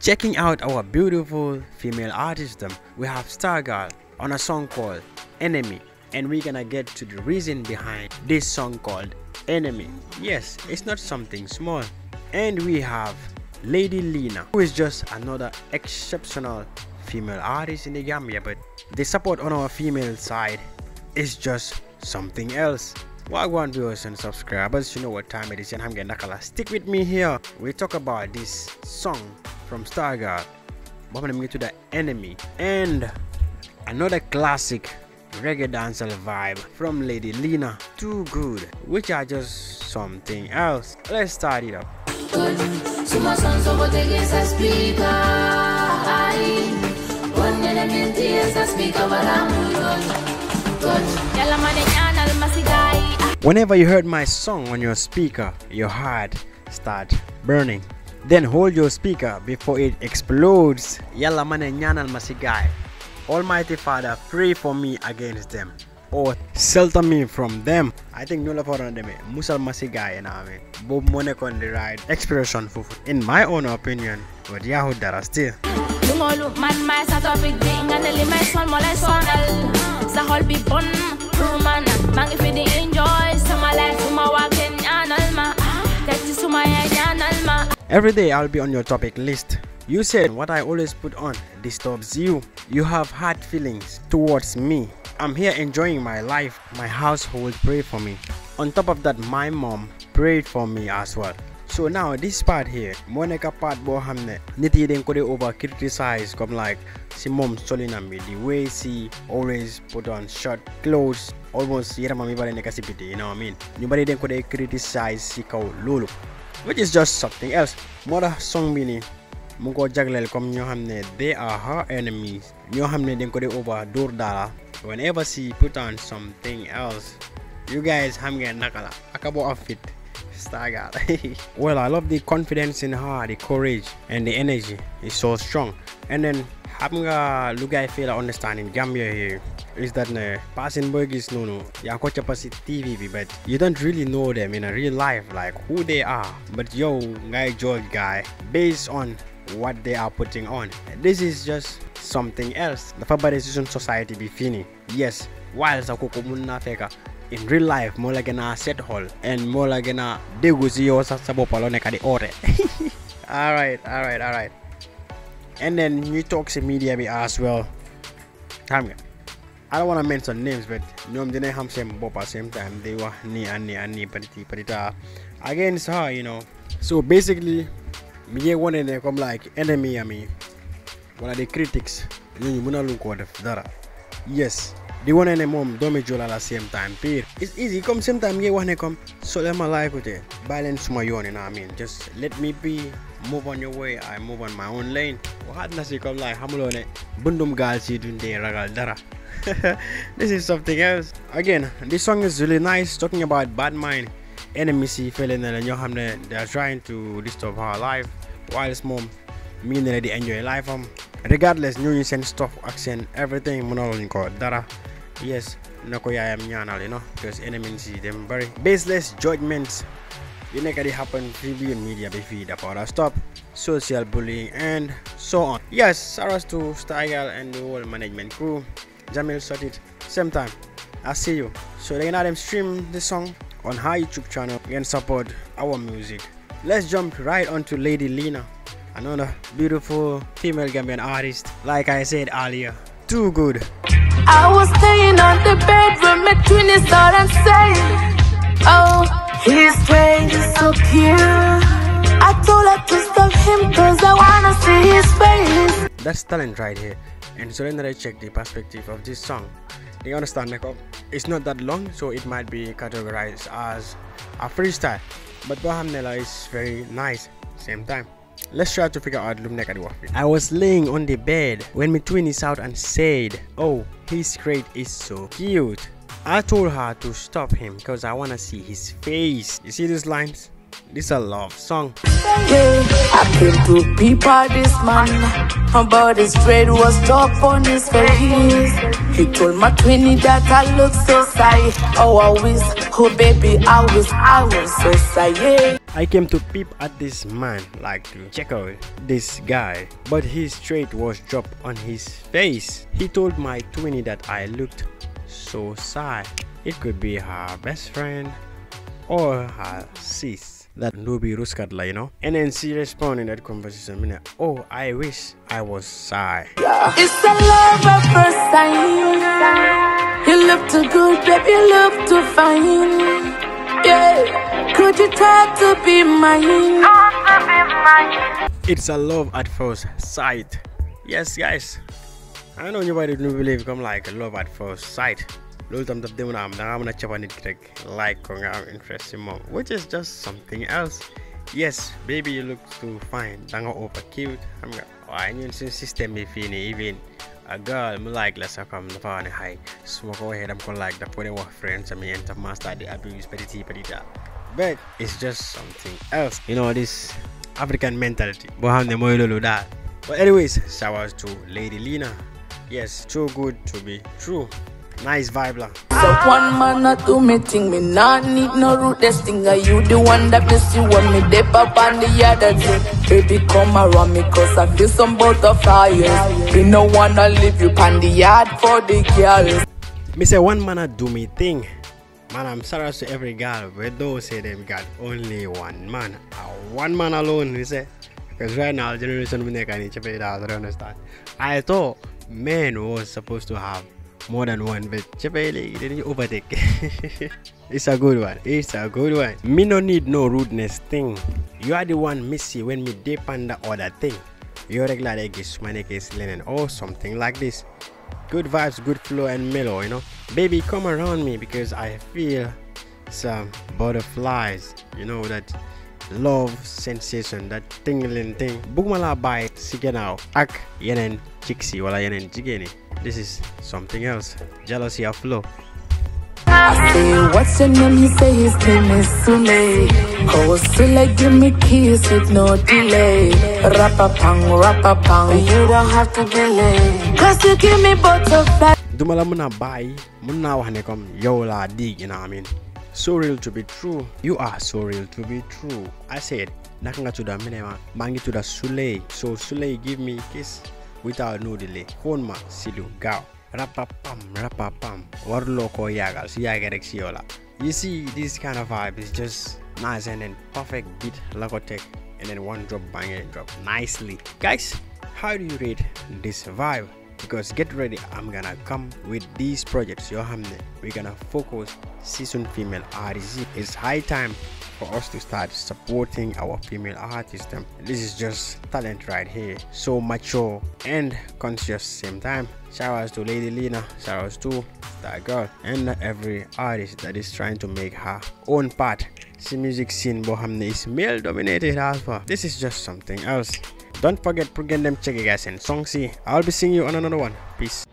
Checking out our beautiful female artistdom, um, we have Stargirl on a song called Enemy and we're gonna get to the reason behind this song called Enemy. Yes, it's not something small. And we have Lady Lena, who is just another exceptional female artist in the Gambia, but the support on our female side is just something else. Wagwan viewers and subscribers, you know what time it is and I'm getting Nakala. Stick with me here. We talk about this song from Stargard. Bumping me to the enemy. And another classic reggae dancehall vibe from Lady Lena. Too good, which are just something else. Let's start it up. Whenever you heard my song on your speaker, your heart start burning. Then hold your speaker before it explodes. Yalla mane nyanal masigai. Almighty Father, pray for me against them. Or shelter me from them. I think nula love around Musal masigai na ame Bob mone kon the right expression fufu. In my own opinion, but Yahoo dara still. Sa hol bi bon, mangi fi enjoys. Every day I'll be on your topic list. You said what I always put on disturbs you. You have hard feelings towards me. I'm here enjoying my life. My household pray for me. On top of that, my mom prayed for me as well. So now this part here Monica nekk part bohamne, niti ne nit over criticize come like si mom solinam me di way she always put on short clothes almost yaramam mami bare nekk si you know what I mean ñu bare dañ criticize si kau lulu which is just something else Mother song mini, mungo mu ko jagleel they are her enemies ñoo xam ne ko over dóor daala whenever she put on something else you guys ham ngeen nakala. la aka boo am fit well I love the confidence in her the courage and the energy is so strong and then xam nga lu guy feel are understanding Gambia here is that no, passing burgers no no yeah capacity TV be, but you don't really know them in a real life like who they are but yo guy George guy based on what they are putting on this is just something else the favoritization society be fini yes whilst akoko mun na feka in real life more like a set hall and more like a degu si yo sa sa ne ka di ore all right all right all right and then new toxic media be as well. Time. I don't want to mention names, but no, I'm didn't have same Bob at same time. They were ni and ni and ni, but it, but it, uh, against her, you know. So basically, me one and they come like enemy, I mean, one of the critics. You know, you look at the Yes, di wane ne moom you joola la same time pire it's easy come same time Yeah, wanna come. so leen ma laay côté bàyyi leen you know what I mean, just let me be move on your way I move on my own lane What na si comme laay xamuloo ne si duñ ragal dara this is something else again this song is really nice talking about bad mind enemy, see feeling and your ñoo they are trying to disturb her life while it's mom. Meaning that they enjoy life am um regardless ñooñu seen stuff ak seen everything mënaluñ ko dara yes nako ko yaayam ñaanal you know because enemies yi dem very baseless judgments yu nekk di happen fii media bi fii dafa stop social bullying and so on yes saras to style and the whole management crew Jamil started same time i see you so they're going them stream this song on her YouTube channel and support our music let's jump right on to Lady Lena another beautiful female Gambian artist. Like I said earlier, too good. I was staying on the bed when my twin is not saying Oh, he's face is so cute. I told her to stop him cause I wanna see his face. That's talent right here. And so then I check the perspective of this song. You understand, like, it's not that long, so it might be categorized as a freestyle. But Bahamnela is very nice, same time. Let's try to figure out Lumnek Adwa. I was laying on the bed when my twin is out and said, Oh, his crate is so cute. I told her to stop him because I wanna see his face. You see these lines? This a love song. Hey, I came to peep at this man. About his dread was dark on his face. He told my twinny that I look so shy. Oh, I oh baby, I wish I was so sad. I came to peep at this man, like to check out this guy, but his trait was dropped on his face. He told my twinny that I looked so sad. It could be her best friend or her sis that Ndobi Rose Kadla, you know. NNC responded in that conversation, mean oh, I wish I was shy. Yeah. It's a love at first sight. You look too good, baby, you look too fine. Yeah, could you try to be mine? It's a love at first sight. Yes, guys. I know anybody do believe come like love at first sight loolu tam daf de am da ngaa mën a caba nit rek like ko nga am interest si which is just something else yes baby you look too fine da nga over cute xam nga waaye ñun suñu système bi fii nii even a girl mu like la sa fam dafa wax ne xay su ma ko waxee dam ko like daf ko ne wax i am yeen tam master di abuse petit petit but it's just something else you know this African mentality xam ne mooy loolu daal but anyways shout out to Lady Lina yes too good to be true Nice vibe, lah. So one man not do me thing, me not need no rootless thing. Are you the one that bless you when me dip up on the other thing? Baby, come around me, cause I feel some butterflies. We no wanna leave you on the yard for the girls. Me say one man not do me thing. Man, I'm sorry to every girl, but those say them got only one man. one man alone, he say. Because right now, generation, I don't understand. I thought men was supposed to have more than one but Chepele didn't overtake it's a good one it's a good one me no need no rudeness thing you are the one missy when me deep under other thing you regular is money case linen or something like this good vibes good flow and mellow you know baby come around me because i feel some butterflies you know that love sensation that tingling thing bugmala by you now ak yenen chiksi wala yenen jigeni this is something else. Jealousy of flow. I still watching he say his name is Sule. Oh, Sule, give me kiss with no delay. you don't have to be late. Cause you give me both of that. Dumala a bàyyi mën yola dig you know what I mean so real to be true you are so real to be true I said nakanga nga tudda mu ne ma maa ngi so sulay give me kiss without no delay xoon ma si rapapam rapapam waruloo koo yaagal su yaagee si yow la you see this kind of vibe is just nice and then perfect beat la and then one drop bang drop nicely guys how do you rate this vibe because get ready i'm gonna come with these projects yo we're gonna focus season female artist it's high time for us to start supporting our female artists um, this is just talent right here so mature and conscious same time shout outs to lady lena shout outs to that girl and every artist that is trying to make her own part See music scene bohamne is male dominated alpha this is just something else don't forget to get them check guys and song see i'll be seeing you on another one peace